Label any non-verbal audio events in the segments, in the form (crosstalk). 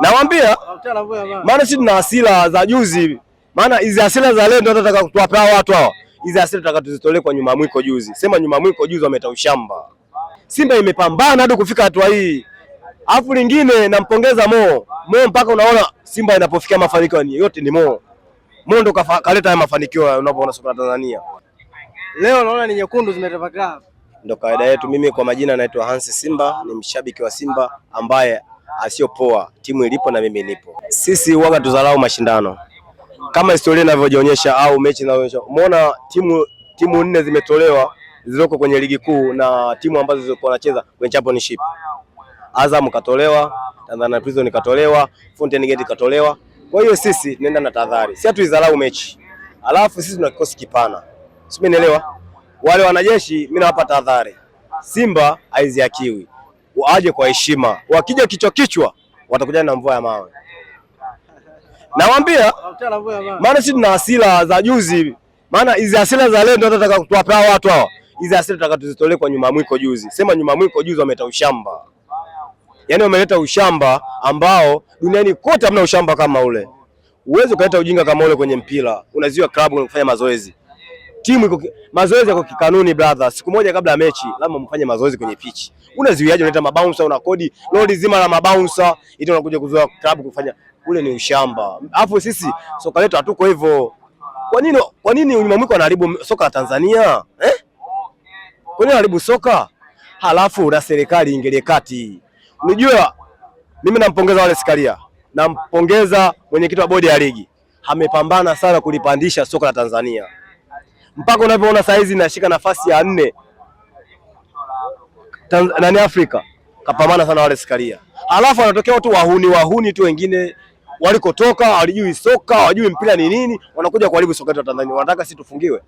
Nawambia maana sisi tuna hasira za juzi hivi, maana hizi hasira za leo ndio tunataka kutuwapa watu hawa. Hizi hasira tunataka tuzitolee kwa nyuma mwiko juzi, sema nyuma mwiko juzi wameta ushamba. Simba imepambana hadi kufika hatua hii, alafu lingine nampongeza Mo Mo, mpaka unaona Simba inapofikia mafanikio yote ni Mo Mo ndo kaleta haya mafanikio unapoona soka Tanzania leo. Naona ni nyekundu zimetapakaa, Ndio kawaida yetu. Mimi kwa majina naitwa Hansi Simba, ni mshabiki wa Simba ambaye asiyopoa, timu ilipo na mimi nipo. Sisi waga tuzalau mashindano kama historia inavyojionyesha au mechi inavyoonyesha. Umeona timu timu nne zimetolewa zilizoko kwenye ligi kuu na timu ambazo zilikuwa wanacheza kwenye championship. Azam katolewa, Tanzania Prison katolewa, Fountain Gate katolewa. Kwa hiyo sisi tunaenda na tahadhari, si hatuizalau mechi, alafu sisi tuna kikosi kipana, simenielewa? Wale wanajeshi, mimi nawapa tahadhari, Simba haiziakiwi waje kwa heshima. Wakija kichwa kichwa, watakuja na mvua ya mawe. Nawaambia maana sisi tuna hasira za juzi, maana hizi hasira za leo ndio tunataka kutuwapa watu hawa. Hizi hasira tunataka tuzitolee kwa nyuma mwiko juzi. Sema nyuma mwiko juzi wameleta ushamba, yaani wameleta ushamba ambao duniani kote hamna ushamba kama ule. Uwezi ukaleta ujinga kama ule kwenye mpira, unaziwa klabu kufanya mazoezi timu iko mazoezi yako kikanuni brother. Siku moja kabla ya mechi lazima mfanye mazoezi kwenye pitch. Unaziwiaje? Unaleta mabounce una kodi load zima la mabounce ili unakuja kuzoea klabu kufanya ule ni ushamba. Alafu sisi soka letu hatuko hivyo. Kwa nini kwa nini unyamwiko anaharibu soka la Tanzania? Eh? Kwa nini anaharibu soka? Halafu na serikali ingilie kati. Unajua mimi nampongeza wale sikalia, Nampongeza mwenyekiti wa bodi ya ligi. Amepambana sana kulipandisha soka la Tanzania mpaka unavyoona saa hizi inashika nafasi ya nne nani Afrika kapambana sana wale Sikaria, alafu wanatokea watu wahuni wahuni tu, wengine walikotoka walijui soka wajui mpira ni nini, wanakuja kuharibu soka letu la Tanzania. Wanataka sisi tufungiwe,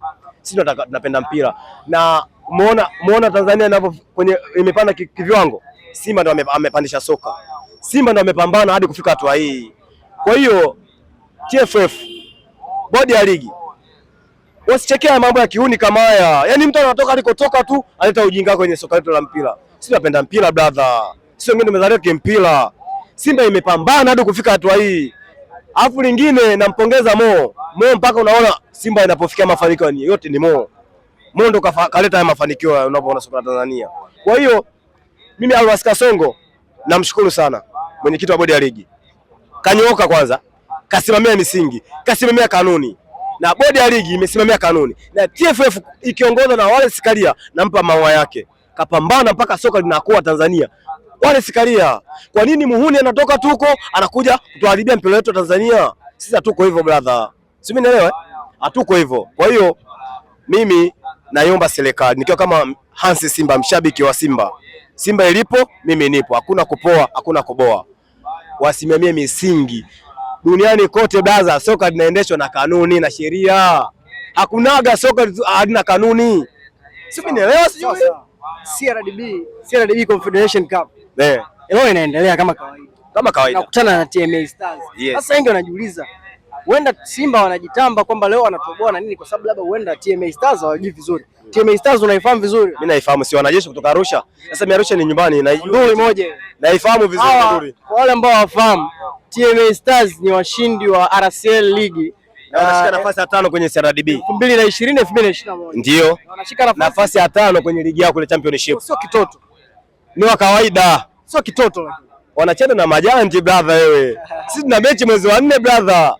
sisi tunapenda mpira na muona, muona Tanzania inapo kwenye imepanda kiviwango. Simba ndo amepandisha soka, Simba ndo amepambana hadi kufika hatua hii. Kwa hiyo TFF, bodi ya ligi wasichekea mambo ya kiuni kama haya. Yaani mtu anatoka alikotoka tu analeta ujinga kwenye soka letu la mpira. Sisi tunapenda mpira brother. Sisi wengine tumezaliwa kimpira. Simba imepambana hadi kufika hatua hii. Alafu lingine nampongeza Mo. Mo mpaka unaona Simba inapofikia mafanikio ni yote ni Mo. Mo ndo kaleta haya mafanikio unapoona soka la Tanzania. Kwa hiyo mimi Alwas Kasongo namshukuru sana mwenyekiti wa bodi ya ligi. Kanyooka kwanza. Kasimamia misingi, kasimamia kanuni na bodi ya ligi imesimamia kanuni na TFF ikiongozwa na wale Karia, nampa maua yake, kapambana mpaka soka linakuwa Tanzania. Wale Karia, kwa nini muhuni anatoka tuko anakuja kutuharibia mpira wetu Tanzania? Sisi hatuko hivyo brother, si mimi naelewa, eh? hatuko hivyo. Kwa hiyo mimi naomba serikali nikiwa kama Hansi Simba, mshabiki wa Simba, Simba ilipo mimi nipo, hakuna kupoa, hakuna kuboa, wasimamie misingi duniani kote baza, soka linaendeshwa na kanuni na sheria. Hakunaga soka halina kanuni, sielewa sijui. CRDB, CRDB Confederation Cup eh, leo inaendelea kama kawaida, kama kawaida, nakutana na TMA Stars. Sasa wengi wanajiuliza huenda Simba wanajitamba kwamba leo wanatoboa na nini, kwa sababu labda huenda TMA Stars hawajui vizuri. TMA Stars unaifahamu vizuri? Mimi naifahamu, si wanajeshi kutoka Arusha. Sasa mimi Arusha ni nyumbani, naijua moja, naifahamu vizuri. Kwa wale ambao hawafahamu TMA Stars ni washindi wa RCL ligi na wanashika eh, nafasi ya tano kwenye CRDB 2020 2021. Ndio. Wanashika nafasi, nafasi ya tano kwenye ligi yao kule championship. Sio kitoto. Ni wa kawaida. Sio kitoto. Wanacheza na majanji brother wewe. (laughs) Sisi tuna mechi mwezi wa nne brother.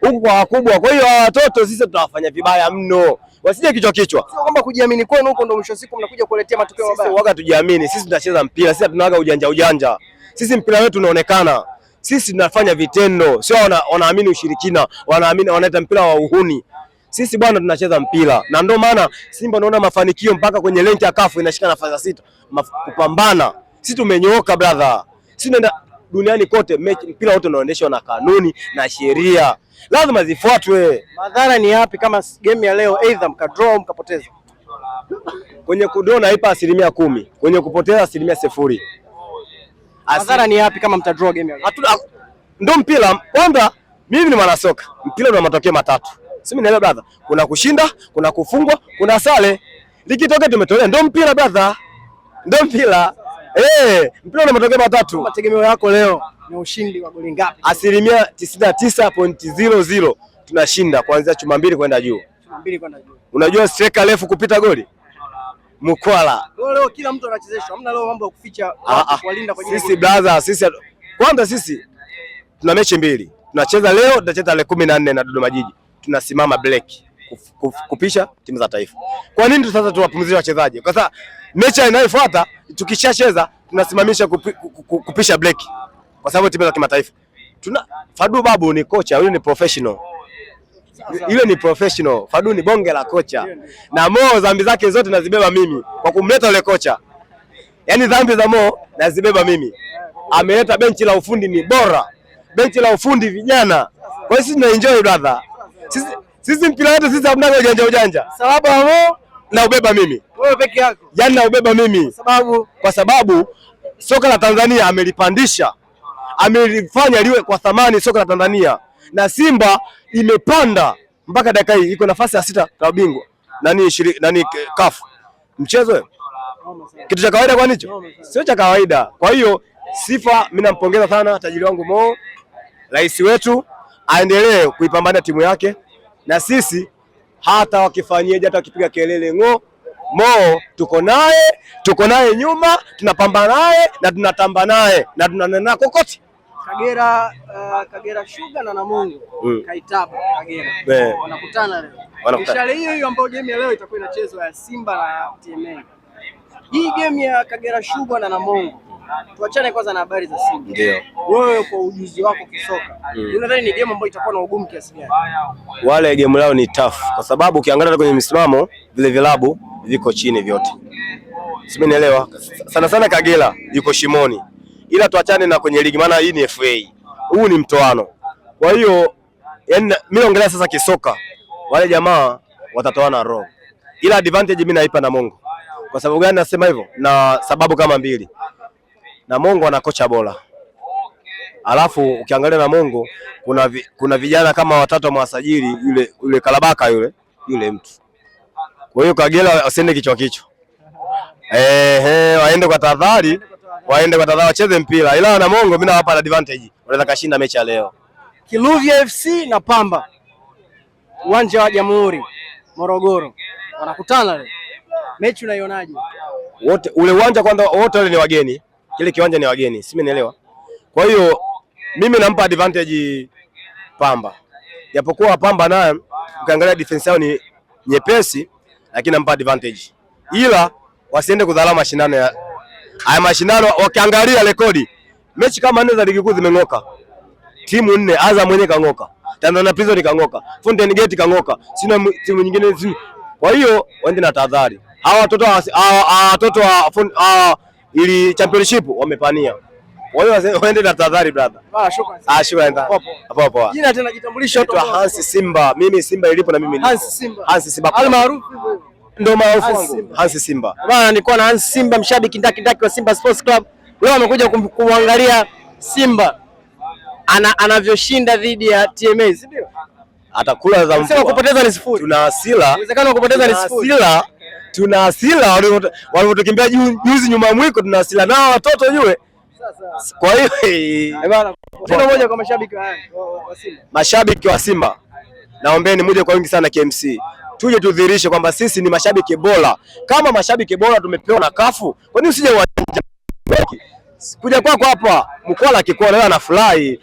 huko kwa wakubwa. Kwa hiyo watoto sisi tutawafanya vibaya mno. Wasije kichwa kichwa. Sio kwamba kujiamini kwenu huko ndio mwisho siku mnakuja kuletea matokeo mabaya. Sisi waga tujiamini. Sisi tunacheza mpira. Sisi tunawaga ujanja ujanja. Sisi mpira wetu unaonekana. Sisi tunafanya vitendo, sio wanaamini ushirikina, wanaamini wanaita mpira wa uhuni. Sisi bwana, tunacheza mpira na ndio maana Simba naona mafanikio mpaka kwenye lenki ya kafu inashika nafasi ya sita kupambana. Sisi tumenyooka brother, sisi tunaenda duniani kote mechi, mpira wote unaoendeshwa na kanuni na sheria, lazima zifuatwe. Madhara ni yapi kama game ya leo aidha mkadraw mkapoteza? Kwenye kudraw naipa asilimia kumi, kwenye kupoteza asilimia sifuri. Madhara ni yapi kama mta draw game? Hatuna ndio mpira. Kwanza mimi ni mwanasoka. Mpira una matokeo matatu. Si mimi naelewa brother. Kuna kushinda, kuna kufungwa, kuna sare. Likitokea tumetolea ndio mpira brother. Ndio mpira. Eh, hey, mpira una matokeo matatu. Mategemeo yako leo ni ushindi wa goli ngapi? Asilimia 99.00 tunashinda kuanzia chuma mbili kwenda juu. Chuma mbili kwenda juu. Unajua striker refu kupita goli? Mkwala. Leo kila mtu anachezeshwa. Hamna leo mambo ya kuficha ah, ah. kuwalinda kwenye. Sisi brother, sisi kwanza sisi tuna mechi mbili. Tunacheza leo, tunacheza tarehe kumi na nne na Dodoma Jiji. Tunasimama break kupisha timu za taifa. Kwa nini sasa tuwapumzishe wachezaji? Kwa sababu mechi inayofuata tukishacheza tunasimamisha kupi, kupisha black Kwa sababu timu za kimataifa. Tuna Fadu Babu ni kocha, huyu ni professional ile ni professional. Fadu ni bonge la kocha, na Mo dhambi zake zote nazibeba mimi kwa kumleta yule kocha. Yaani dhambi za Mo nazibeba mimi, ameleta benchi la ufundi ni bora, benchi la ufundi vijana. Kwa hiyo sisi tuna enjoy brother, sisi sisi mpira wetu sisi hamna ujanja ujanja, sababu Mo na ubeba mimi wewe peke yako, yani na ubeba mimi sababu, kwa sababu soka la Tanzania amelipandisha, amelifanya liwe kwa thamani soka la Tanzania na Simba imepanda mpaka dakika hii iko nafasi ya sita kwa bingwa nani shiri, nani kafu mchezo kitu cha kawaida, kwani hicho sio cha kawaida. Kwa hiyo sifa, mimi nampongeza sana tajiri wangu Mo, rais wetu, aendelee kuipambania timu yake, na sisi hata wakifanyeje, hata wakipiga kelele ng'o, Mo tuko naye, tuko naye nyuma, tunapambana naye na tunatamba naye na tunanena kokoti. Kagera uh, Kagera Sugar na Namungo mm. Kaitaba Kagera yeah. Wanakutana leo. Mishale hiyo hiyo ambayo game ya leo itakuwa inachezwa ya Simba na TMA. Hii game ya Kagera Sugar na Namungo tuachane kwanza na habari za Simba. Ndio. Wewe kwa ujuzi wako kisoka mm. unadhani ni game ambayo itakuwa na ugumu kiasi gani? Wale game lao ni tough kwa sababu ukiangalia kwenye misimamo vile vilabu viko chini vyote. Simenielewa. Sana sana Kagera yuko shimoni ila tuachane na kwenye ligi, maana hii ni FA, huu ni mtoano. Kwa hiyo yaani, mimi naongelea sasa kisoka, wale jamaa watatoana roho, ila advantage mimi naipa Namungo. Kwa sababu gani nasema hivyo? Na sababu kama mbili, Namungo ana kocha bora alafu ukiangalia Namungo kuna, vi, kuna vijana kama watatu wamewasajili yule, yule Kalabaka yule yule mtu. Kwa hiyo Kagera asiende kichwa kichwa, ehe, waende kwa tahadhari waende watataka wacheze mpira, ila Wanamongo mimi nawapa advantage, wanaweza kashinda mechi ya leo. Kiluvya FC na Pamba, uwanja wa Jamhuri Morogoro, wanakutana leo. Mechi unaionaje? Wote ule uwanja kwanza, wote wale ni wageni, kile kiwanja ni wageni, si mmenielewa? Kwa hiyo mimi nampa advantage Pamba, japokuwa Pamba naye ukiangalia defense yao ni nyepesi, lakini nampa advantage, ila wasiende kudharau mashindano ya haya mashindano wakiangalia rekodi, mechi kama nne za ligi kuu zimeng'oka, timu nne. Azam mwenye kang'oka, Tanzania Prison kang'oka, Fountain Gate kang'oka, sina timu nyingine zi. Kwa hiyo waende na tahadhari hawa watoto hawa watoto wa ili championship wamepania. Kwa hiyo waende na tahadhari brother. Ah, shukrani. Ah, shukrani. hapo. poa. Jina tena jitambulisho. Hansi Simba. Mimi Simba ilipo na mimi ni Hansi Simba. Hansi Simba. Almaarufu. Ndio maarufu wangu Hansi Simba bwana, nilikuwa na Hansi Simba, mshabiki ndaki ndaki wa Simba Sports Club. Leo amekuja kumwangalia Simba ana, anavyoshinda dhidi ya TMA, si ndio? Atakula za mvua. Kupoteza ni sifuri. Tuna hasira. Inawezekana kupoteza ni sifuri. Tuna hasira walivyotukimbia juzi nyuma mwiko, tuna hasira nao watoto jue. Kwa hiyo tuna moja kwa mashabiki wa Simba, mashabiki wa Simba, naombeni muje kwa wingi sana KMC tuje tudhihirishe kwamba sisi ni mashabiki bora. Kama mashabiki bora tumepewa na kafu, kwa nini usije uwanja kuja kwako hapa Mkwala akikuona wewe anafurahi